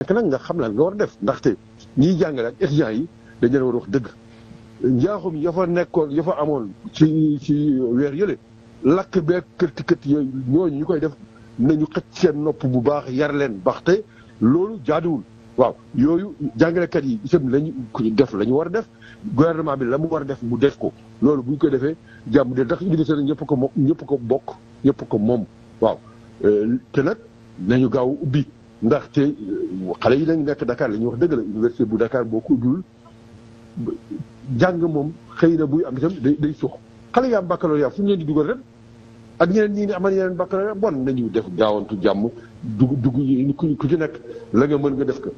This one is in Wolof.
nekk nag nga xam lan nga war a def ndaxte ñiy jàngale ak étudiants yi dañ leen war wax dëgg njaaxum ya fa nekkoon ya fa amoon ci ci weer yële lakk be kërti kërti yooyu ñu koy def nañu xëcc seen nopp bu baax yar leen baax te loolu jaaduwul waaw yooyu jàngalekat yi itam lañu def la ñu war a def gouvernement bi la mu war a def mu def ko loolu bu ñu ko defee jàmm de ndax université nag ñëpp ko moom ñëpp ko bokk ñëpp ko moom waaw euh, te nañu gaaw ubbi ndax te euh, xale yi lañ nekk dakaar la ñuy wax dëgg la université bu Dakar boo ko dul jàng moom xëy na buy am itam day day suux xale yi am baccalauréat fu ñu leen di dugal ren ak ñeneen ñi amal yeneen baccalauréat bon nañu def gaawantu jàmm dug dugg ku ci nekk la nga mën nga def ko.